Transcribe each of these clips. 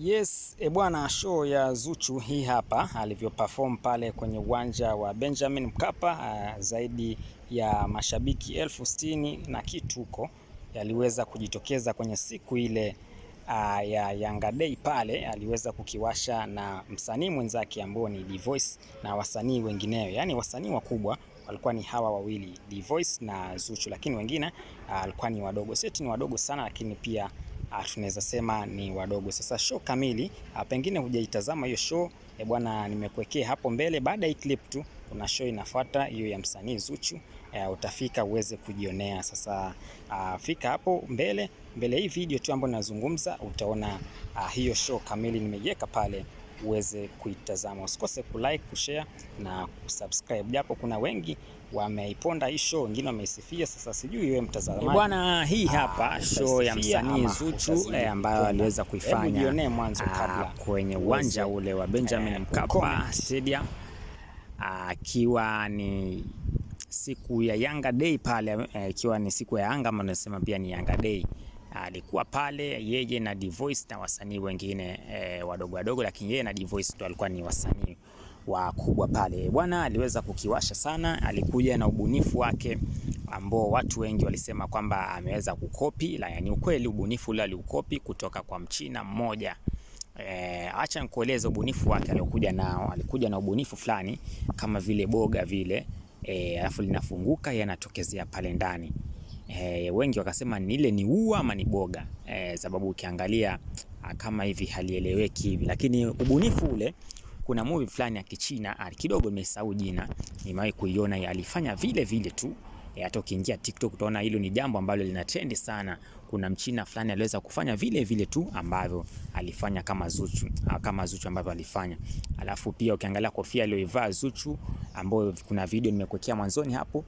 Yes, e bwana, show ya Zuchu hii hapa perform pale kwenye uwanja wa Benjamin Mkapa. uh, zaidi ya mashabiki elfu sitini na kitu huko yaliweza kujitokeza kwenye siku ile uh, ya Yanga Day pale, aliweza kukiwasha na msanii mwenzake ambao ni Dvoice na wasanii wengineo, yaani wasanii wakubwa walikuwa ni hawa wawili Dvoice na Zuchu, lakini wengine alikuwa ni wadogo, sio ni wadogo sana, lakini pia tunaweza sema ni wadogo. Sasa show kamili, ah, pengine hujaitazama hiyo show e bwana, nimekuwekea hapo mbele. Baada ya clip tu kuna show inafuata hiyo ya msanii Zuchu e, utafika uweze kujionea. Sasa a, ah, fika hapo mbele mbele, hii video tu ambayo nazungumza, utaona a, ah, hiyo show kamili nimeiweka pale uweze kuitazama. Usikose kulike, kushare na kusubscribe, japo kuna wengi wameiponda hii show, wengine wameisifia. Sasa sijui wewe mtazamaji bwana, hii ah, hapa ah, show ya msanii Zuchu eh, ambayo aliweza kuifanya mwanzo ah, kabla kwenye uwanja ule wa Benjamin eh, Mkapa Stadium akiwa ni siku ya Yanga Day pale, eh, ikiwa ni siku ya Yanga, maana nasema pia ni Yanga Day alikuwa pale yeye na Dvoice na wasanii wengine e, wadogo wadogo, lakini yeye na Dvoice ndo alikuwa ni wasanii wakubwa pale bwana. Aliweza kukiwasha sana, alikuja na ubunifu wake ambao watu wengi walisema kwamba ameweza kukopi la, yani ukweli ubunifu ule aliukopi kutoka kwa mchina mmoja e, acha nikueleze ubunifu wake aliokuja nao. Alikuja na ubunifu fulani kama vile boga vile, eh, alafu e, linafunguka yanatokezea pale ndani e, wengi wakasema ni ile ni ua ama ni boga e, sababu ukiangalia ah, kama hivi halieleweki hivi, lakini ubunifu ule kuna movie fulani ya Kichina ah, kidogo nimesahau jina, nimewahi kuiona, alifanya vile vile tu e, hata ukiingia TikTok utaona hilo ni jambo ambalo lina trend sana. Kuna mchina fulani aliweza kufanya vile vile tu ambavyo alifanya kama Zuchu, ah, kama Zuchu ambavyo alifanya. Alafu pia ukiangalia kofia aliyoivaa Zuchu, ambayo kuna video nimekuwekea mwanzoni hapo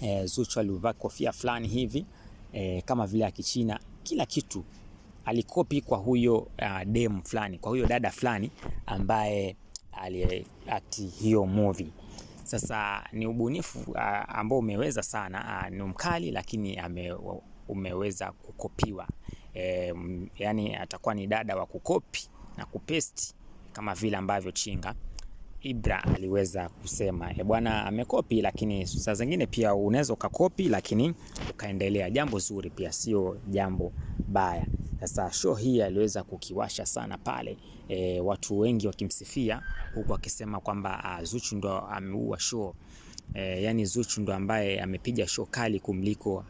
e, Zuchu alivaa kofia fulani hivi e, kama vile ya Kichina. Kila kitu alikopi kwa huyo uh, ah, dem fulani, kwa huyo dada fulani ambaye aliati hiyo movie. Sasa ni ubunifu uh, ambao umeweza sana uh, ni mkali lakini ame, umeweza kukopiwa e, yani atakuwa ni dada wa kukopi na kupesti kama vile ambavyo Chinga Ibra aliweza kusema e bwana, amekopi lakini saa zingine pia unaweza ukakopi lakini ukaendelea, jambo zuri pia sio jambo baya. Sasa show hii aliweza kukiwasha sana pale e, watu wengi wakimsifia huku akisema kwamba ah, Zuchu ndo ameua show e, eh, yani Zuchu ndo ambaye amepiga show kali kumliko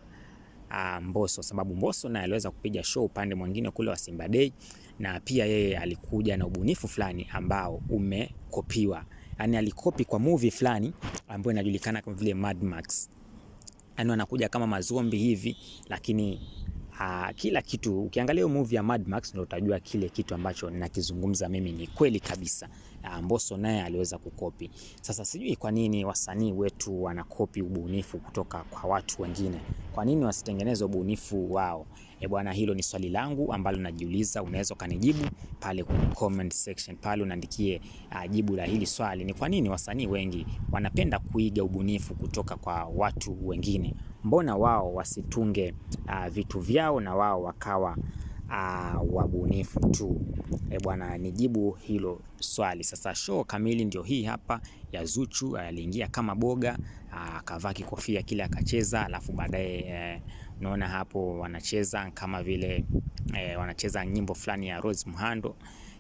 uh, Mbosso sababu Mbosso naye aliweza kupiga show upande mwingine kule wa Simba Day, na pia yeye alikuja na ubunifu fulani ambao umekopiwa, yani alikopi kwa movie fulani ambayo inajulikana kama vile Mad Max, yani wanakuja kama mazombi hivi lakini uh, kila kitu. Ukiangalia movie ya Mad Max ndio utajua kile kitu ambacho ninakizungumza mimi ni kweli kabisa. Uh, Mbosso naye aliweza kukopi. Sasa sijui kwa nini wasanii wetu wanakopi ubunifu kutoka kwa watu wengine. Kwa nini wasitengeneze ubunifu wao? E bwana, hilo ni swali langu ambalo najiuliza, unaweza ukanijibu pale kwenye comment section pale, unaandikie uh, ah, jibu la hili swali. Ni kwa nini wasanii wengi wanapenda kuiga ubunifu kutoka kwa watu wengine? Mbona wao wasitunge uh, vitu vyao na wao wakawa Uh, wabunifu tu. E bwana, nijibu hilo swali sasa. Show kamili ndio hii hapa ya Zuchu. Aliingia kama boga, akavaa uh, kikofia kile akacheza, alafu baadaye uh, naona hapo wanacheza kama vile e, wanacheza nyimbo fulani ya Rose Muhando,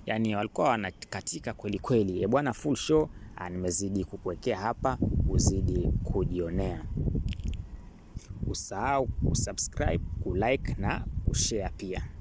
yani walikuwa wanakatika kweli kweli. E bwana, full show ah, nimezidi kukuwekea hapa, uzidi kujionea. Usahau kusubscribe, kulike na kushare pia.